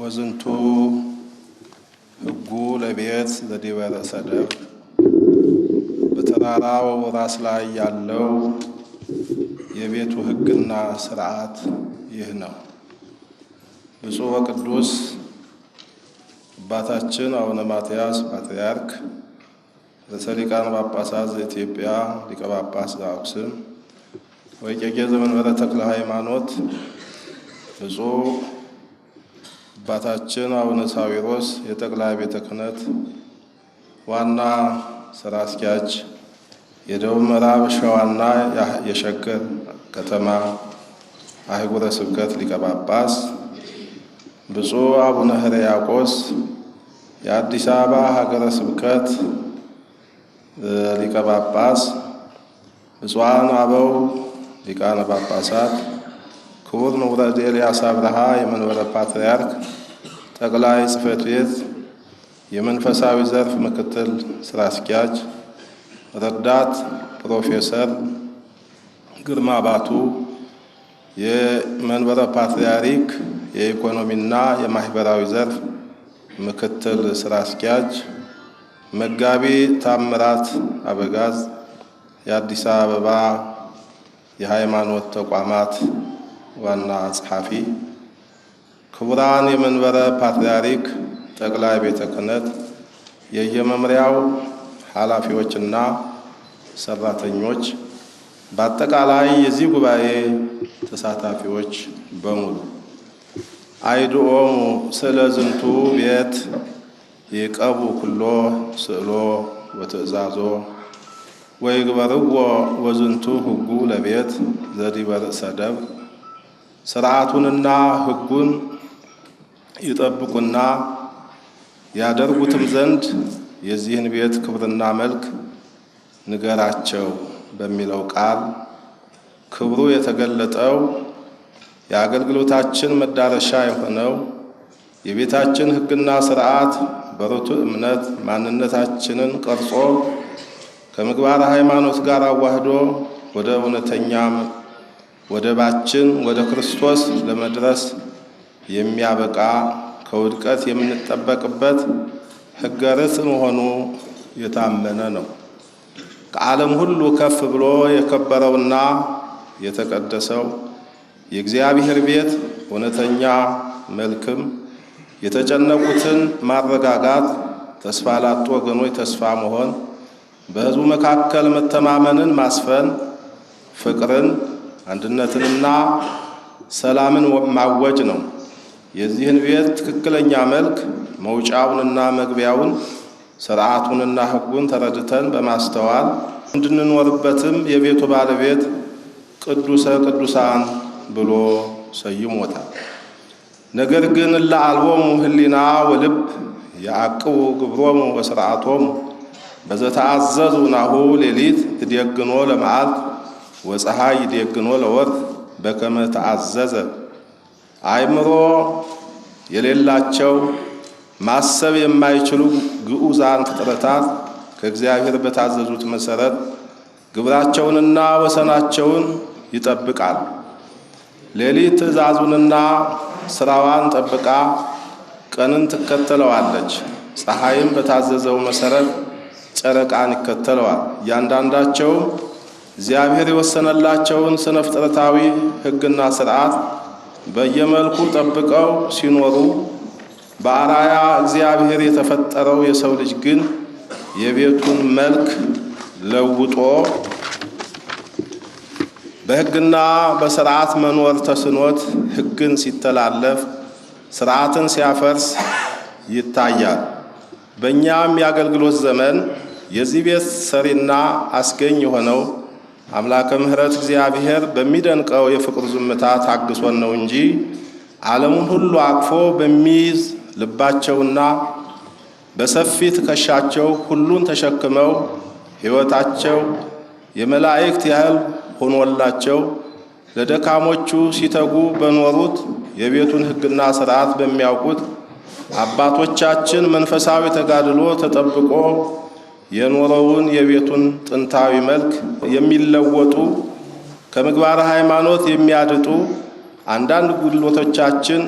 ወዝንቱ ህጉ ለቤት ዘዲበ ሰደብ በተራራው ራስ ላይ ያለው የቤቱ ሕግና ስርዓት ይህ ነው። ብፁዕ ወቅዱስ አባታችን አቡነ ማትያስ ፓትርያርክ ዘሰሊቃን ጳጳሳት ዘኢትዮጵያ ሊቀ ጳጳስ ዘአክሱም ወእጨጌ ዘመንበረ ተክለ ሃይማኖት ብፁዕ አባታችን አቡነ ሳዊሮስ የጠቅላይ ቤተ ክህነት ዋና ስራ አስኪያጅ፣ የደቡብ ምዕራብ ሸዋና የሸገር ከተማ አህጉረ ስብከት ሊቀ ጳጳስ፣ ብፁዕ አቡነ ያቆስ የአዲስ አበባ ሀገረ ስብከት ሊቀ ጳጳስ፣ ብፁዓን አበው ሊቃነ ጳጳሳት፣ ክቡር ንውረድ ኤልያስ አብርሃ የመንበረ ፓትርያርክ ጠቅላይ ጽሕፈት ቤት የመንፈሳዊ ዘርፍ ምክትል ስራ አስኪያጅ ረዳት ፕሮፌሰር ግርማ ባቱ፣ የመንበረ ፓትርያርክ የኢኮኖሚና የማህበራዊ ዘርፍ ምክትል ስራ አስኪያጅ መጋቢ ታምራት አበጋዝ የአዲስ አበባ የሃይማኖት ተቋማት ዋና ጸሐፊ፣ ክቡራን የመንበረ ፓትርያርክ ጠቅላይ ቤተ ክህነት የየመምሪያው ኃላፊዎችና ሰራተኞች፣ በአጠቃላይ የዚህ ጉባኤ ተሳታፊዎች በሙሉ አይድኦሙ ስለ ዝንቱ ቤት ይቀቡ ኩሎ ስእሎ ወትእዛዞ ወይግበርዎ ወዝንቱ ህጉ ለቤት ዘዲበርእሰ ሰደብ ስርዓቱንና ህጉን ይጠብቁና ያደርጉትም ዘንድ የዚህን ቤት ክብርና መልክ ንገራቸው በሚለው ቃል ክብሩ የተገለጠው የአገልግሎታችን መዳረሻ የሆነው የቤታችን ህግና ስርዓት በርቱ እምነት ማንነታችንን ቀርጾ ከምግባር ሃይማኖት ጋር አዋህዶ ወደ እውነተኛም ወደባችን ወደ ክርስቶስ ለመድረስ የሚያበቃ ከውድቀት የምንጠበቅበት ሕገ ርዕስ መሆኑ የታመነ ነው። ከዓለም ሁሉ ከፍ ብሎ የከበረውና የተቀደሰው የእግዚአብሔር ቤት እውነተኛ መልክም የተጨነቁትን ማረጋጋት፣ ተስፋ ላጡ ወገኖች ተስፋ መሆን፣ በሕዝቡ መካከል መተማመንን ማስፈን፣ ፍቅርን አንድነትንና ሰላምን ማወጅ ነው። የዚህን ቤት ትክክለኛ መልክ መውጫውንና መግቢያውን ስርዓቱንና ሕጉን ተረድተን በማስተዋል እንድንኖርበትም የቤቱ ባለቤት ቅዱሰ ቅዱሳን ብሎ ሰይሞታል። ነገር ግን ለአልቦሙ ህሊና ወልብ የአቅቡ ግብሮሙ ወስርዓቶሙ በዘተአዘዙ ናሁ ሌሊት ትደግኖ ለመዓልት ወፀሐይ ይደግኖ ለወር በከመ ተአዘዘ አእምሮ የሌላቸው ማሰብ የማይችሉ ግዑዛን ፍጥረታት ከእግዚአብሔር በታዘዙት መሰረት ግብራቸውንና ወሰናቸውን ይጠብቃል። ሌሊት ትእዛዙንና ስራዋን ጠብቃ ቀንን ትከተለዋለች። ፀሐይም በታዘዘው መሰረት ጨረቃን ይከተለዋል። እያንዳንዳቸው እግዚአብሔር የወሰነላቸውን ስነ ፍጥረታዊ ሕግና ስርዓት በየመልኩ ጠብቀው ሲኖሩ በአራያ እግዚአብሔር የተፈጠረው የሰው ልጅ ግን የቤቱን መልክ ለውጦ በሕግና በስርዓት መኖር ተስኖት ሕግን ሲተላለፍ ስርዓትን ሲያፈርስ ይታያል። በእኛም የአገልግሎት ዘመን የዚህ ቤት ሰሪና አስገኝ የሆነው አምላከ ምሕረት እግዚአብሔር በሚደንቀው የፍቅር ዝምታ ታግሶን ነው እንጂ ዓለሙን ሁሉ አቅፎ በሚይዝ ልባቸውና በሰፊ ትከሻቸው ሁሉን ተሸክመው ሕይወታቸው የመላእክት ያህል ሆኖላቸው ለደካሞቹ ሲተጉ በኖሩት የቤቱን ሕግና ሥርዓት በሚያውቁት አባቶቻችን መንፈሳዊ ተጋድሎ ተጠብቆ የኖረውን የቤቱን ጥንታዊ መልክ የሚለወጡ ከምግባረ ሃይማኖት የሚያድጡ አንዳንድ ጉድሎቶቻችን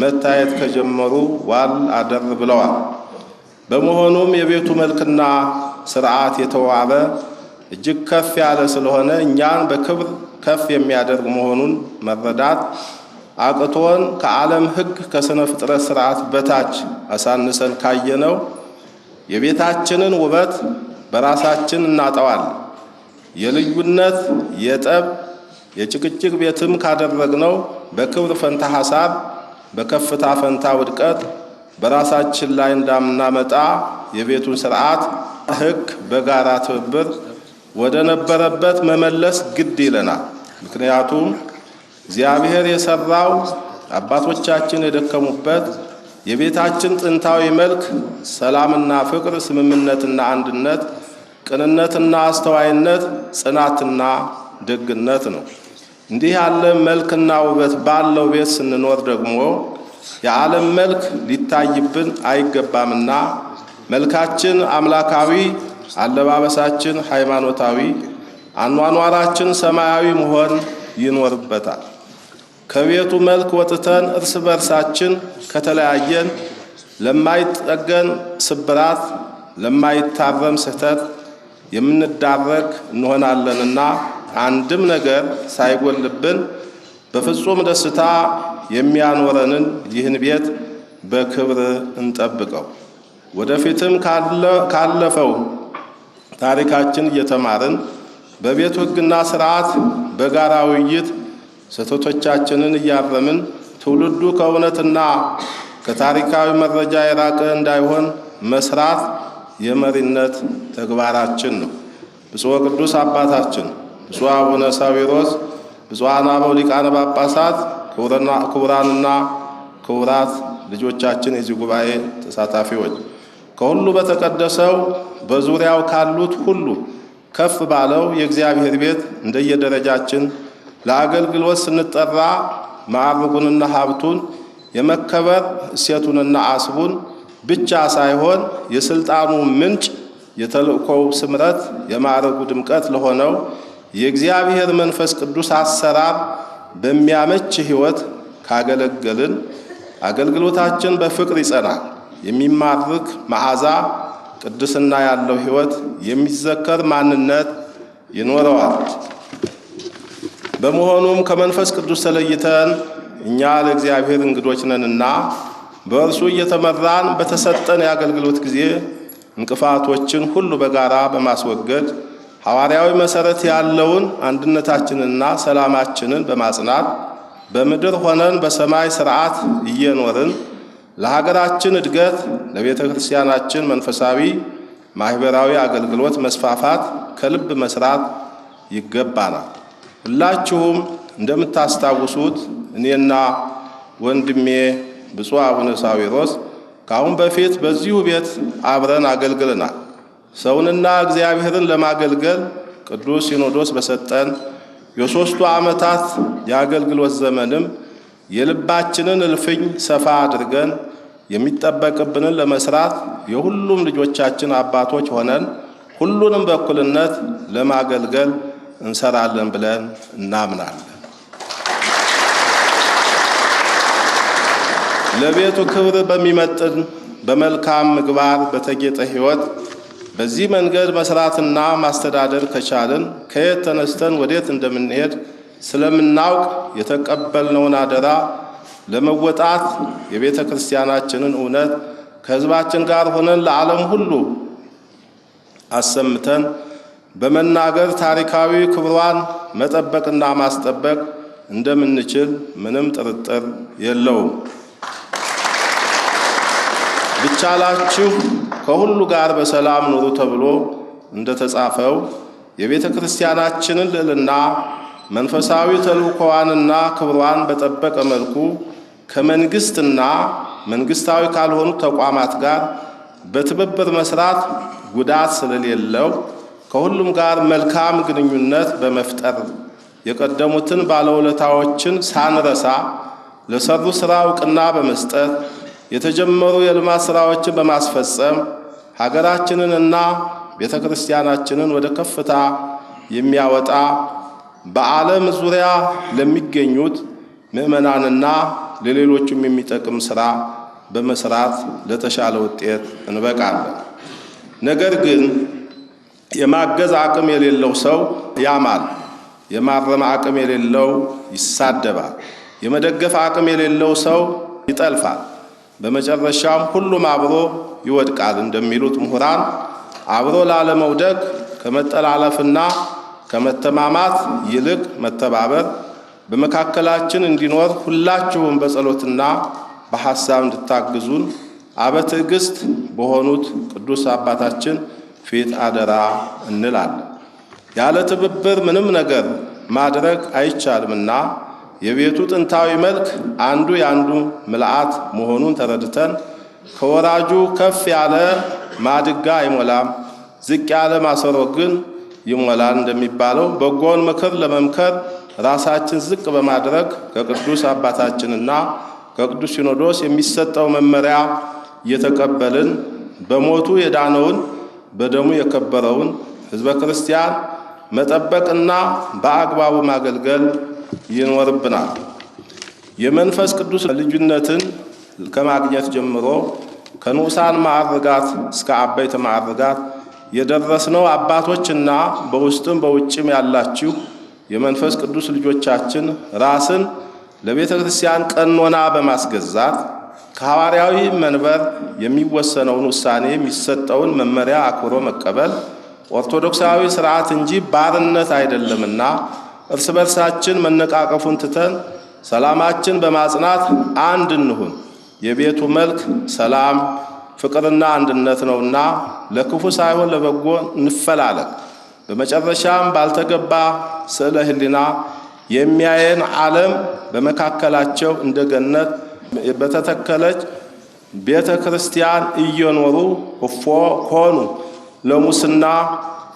መታየት ከጀመሩ ዋል አደር ብለዋል። በመሆኑም የቤቱ መልክና ስርዓት የተዋበ እጅግ ከፍ ያለ ስለሆነ እኛን በክብር ከፍ የሚያደርግ መሆኑን መረዳት አቅቶን ከዓለም ሕግ ከሥነ ፍጥረት ሥርዓት በታች አሳንሰን ካየነው የቤታችንን ውበት በራሳችን እናጠዋል። የልዩነት የጠብ የጭቅጭቅ ቤትም ካደረግነው በክብር ፈንታ ሐሳብ በከፍታ ፈንታ ውድቀት በራሳችን ላይ እንዳምናመጣ የቤቱን ሥርዓት ሕግ በጋራ ትብብር ወደ ነበረበት መመለስ ግድ ይለናል። ምክንያቱም እግዚአብሔር የሰራው አባቶቻችን የደከሙበት የቤታችን ጥንታዊ መልክ ሰላምና ፍቅር፣ ስምምነትና አንድነት፣ ቅንነትና አስተዋይነት፣ ጽናትና ደግነት ነው። እንዲህ ያለ መልክና ውበት ባለው ቤት ስንኖር ደግሞ የዓለም መልክ ሊታይብን አይገባምና መልካችን አምላካዊ አለባበሳችን ሃይማኖታዊ፣ አኗኗራችን ሰማያዊ መሆን ይኖርበታል። ከቤቱ መልክ ወጥተን እርስ በርሳችን ከተለያየን ለማይጠገን ስብራት፣ ለማይታረም ስህተት የምንዳረግ እንሆናለንና አንድም ነገር ሳይጎልብን በፍጹም ደስታ የሚያኖረንን ይህን ቤት በክብር እንጠብቀው። ወደፊትም ካለፈው ታሪካችን እየተማርን በቤት ሕግና ስርዓት በጋራ ውይይት ስህተቶቻችንን እያረምን ትውልዱ ከእውነትና ከታሪካዊ መረጃ የራቀ እንዳይሆን መስራት የመሪነት ተግባራችን ነው። ብፁዕ ቅዱስ አባታችን ብፁዕ አቡነ ሳዊሮስ፣ ብፁዓን አበው ሊቃነ ጳጳሳት፣ ክቡራንና ክቡራት ልጆቻችን የዚህ ጉባኤ ተሳታፊዎች ከሁሉ በተቀደሰው በዙሪያው ካሉት ሁሉ ከፍ ባለው የእግዚአብሔር ቤት እንደየደረጃችን ለአገልግሎት ስንጠራ ማዕርጉንና ሀብቱን የመከበር እሴቱንና አስቡን ብቻ ሳይሆን የስልጣኑ ምንጭ የተልእኮው ስምረት የማዕረጉ ድምቀት ለሆነው የእግዚአብሔር መንፈስ ቅዱስ አሰራር በሚያመች ሕይወት ካገለገልን አገልግሎታችን በፍቅር ይጸናል። የሚማርክ መዓዛ ቅድስና ያለው ሕይወት የሚዘከር ማንነት ይኖረዋል። በመሆኑም ከመንፈስ ቅዱስ ተለይተን እኛ ለእግዚአብሔር እንግዶች ነንና በእርሱ እየተመራን በተሰጠን የአገልግሎት ጊዜ እንቅፋቶችን ሁሉ በጋራ በማስወገድ ሐዋርያዊ መሠረት ያለውን አንድነታችንንና ሰላማችንን በማጽናት በምድር ሆነን በሰማይ ሥርዓት እየኖርን ለሀገራችን እድገት ለቤተ ክርስቲያናችን መንፈሳዊ ማህበራዊ አገልግሎት መስፋፋት ከልብ መስራት ይገባናል። ሁላችሁም እንደምታስታውሱት እኔና ወንድሜ ብፁዕ አቡነ ሳዊሮስ ከአሁን በፊት በዚሁ ቤት አብረን አገልግለናል። ሰውንና እግዚአብሔርን ለማገልገል ቅዱስ ሲኖዶስ በሰጠን የሦስቱ ዓመታት የአገልግሎት ዘመንም የልባችንን እልፍኝ ሰፋ አድርገን የሚጠበቅብንን ለመስራት የሁሉም ልጆቻችን አባቶች ሆነን ሁሉንም በእኩልነት ለማገልገል እንሰራለን ብለን እናምናለን። ለቤቱ ክብር በሚመጥን በመልካም ምግባር በተጌጠ ሕይወት በዚህ መንገድ መስራትና ማስተዳደር ከቻልን ከየት ተነስተን ወዴት እንደምንሄድ ስለምናውቅ የተቀበልነውን አደራ ለመወጣት የቤተ ክርስቲያናችንን እውነት ከሕዝባችን ጋር ሆነን ለዓለም ሁሉ አሰምተን በመናገር ታሪካዊ ክብሯን መጠበቅና ማስጠበቅ እንደምንችል ምንም ጥርጥር የለውም። ብቻላችሁ ከሁሉ ጋር በሰላም ኑሩ ተብሎ እንደተጻፈው የቤተ ክርስቲያናችንን ልዕልና መንፈሳዊ ተልእኮዋንና ክብሯን በጠበቀ መልኩ ከመንግስትና መንግስታዊ ካልሆኑ ተቋማት ጋር በትብብር መስራት ጉዳት ስለሌለው ከሁሉም ጋር መልካም ግንኙነት በመፍጠር የቀደሙትን ባለውለታዎችን ሳንረሳ ለሰሩ ስራ እውቅና በመስጠት የተጀመሩ የልማት ስራዎችን በማስፈጸም ሀገራችንንና ቤተ ክርስቲያናችንን ወደ ከፍታ የሚያወጣ በዓለም ዙሪያ ለሚገኙት ምዕመናንና ለሌሎችም የሚጠቅም ሥራ በመስራት ለተሻለ ውጤት እንበቃለን። ነገር ግን የማገዝ አቅም የሌለው ሰው ያማል፣ የማረም አቅም የሌለው ይሳደባል፣ የመደገፍ አቅም የሌለው ሰው ይጠልፋል፣ በመጨረሻም ሁሉም አብሮ ይወድቃል። እንደሚሉት ምሁራን አብሮ ላለመውደቅ ከመጠላለፍና ከመተማማት ይልቅ መተባበር በመካከላችን እንዲኖር ሁላችሁም በጸሎትና በሐሳብ እንድታግዙን አበትዕግስት በሆኑት ቅዱስ አባታችን ፊት አደራ እንላለን። ያለ ትብብር ምንም ነገር ማድረግ አይቻልምና የቤቱ ጥንታዊ መልክ አንዱ የአንዱ ምልአት መሆኑን ተረድተን ከወራጁ ከፍ ያለ ማድጋ አይሞላም፣ ዝቅ ያለ ማሰሮ ግን ይሞላል እንደሚባለው በጎን ምክር ለመምከር ራሳችን ዝቅ በማድረግ ከቅዱስ አባታችንና ከቅዱስ ሲኖዶስ የሚሰጠው መመሪያ እየተቀበልን በሞቱ የዳነውን በደሙ የከበረውን ሕዝበ ክርስቲያን መጠበቅና በአግባቡ ማገልገል ይኖርብናል። የመንፈስ ቅዱስ ልዩነትን ከማግኘት ጀምሮ ከንዑሳን ማዕርጋት እስከ አበይተ ማዕርጋት የደረስነው አባቶችና በውስጥም በውጭም ያላችሁ የመንፈስ ቅዱስ ልጆቻችን ራስን ለቤተ ክርስቲያን ቀኖና በማስገዛት ከሐዋርያዊ መንበር የሚወሰነውን ውሳኔ የሚሰጠውን መመሪያ አክብሮ መቀበል ኦርቶዶክሳዊ ስርዓት እንጂ ባርነት አይደለምና እርስ በርሳችን መነቃቀፉን ትተን ሰላማችን በማጽናት አንድ እንሁን። የቤቱ መልክ ሰላም ፍቅርና አንድነት ነውና ለክፉ ሳይሆን ለበጎ እንፈላለን። በመጨረሻም ባልተገባ ስዕለ ህሊና የሚያየን ዓለም በመካከላቸው እንደ ገነት በተተከለች ቤተ ክርስቲያን እየኖሩ እፎ ሆኑ ለሙስና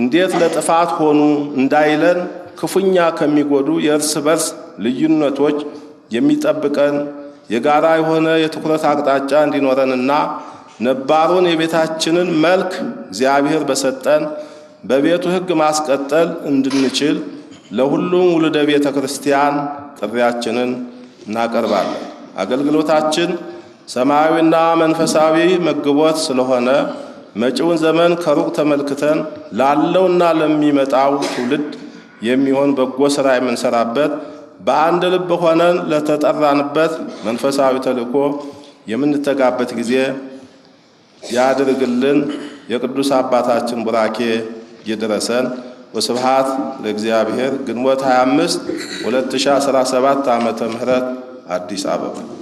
እንዴት ለጥፋት ሆኑ እንዳይለን ክፉኛ ከሚጎዱ የእርስ በርስ ልዩነቶች የሚጠብቀን የጋራ የሆነ የትኩረት አቅጣጫ እንዲኖረንና ነባሩን የቤታችንን መልክ እግዚአብሔር በሰጠን በቤቱ ሕግ ማስቀጠል እንድንችል ለሁሉም ውልደ ቤተ ክርስቲያን ጥሪያችንን እናቀርባለን። አገልግሎታችን ሰማያዊና መንፈሳዊ መግቦት ስለሆነ መጪውን ዘመን ከሩቅ ተመልክተን ላለውና ለሚመጣው ትውልድ የሚሆን በጎ ሥራ የምንሰራበት በአንድ ልብ ሆነን ለተጠራንበት መንፈሳዊ ተልእኮ የምንተጋበት ጊዜ ያድርግልን። የቅዱስ አባታችን ቡራኬ ይድረሰን። ወስብሃት ለእግዚአብሔር። ግንቦት 25 2017 ዓመተ ምህረት አዲስ አበባ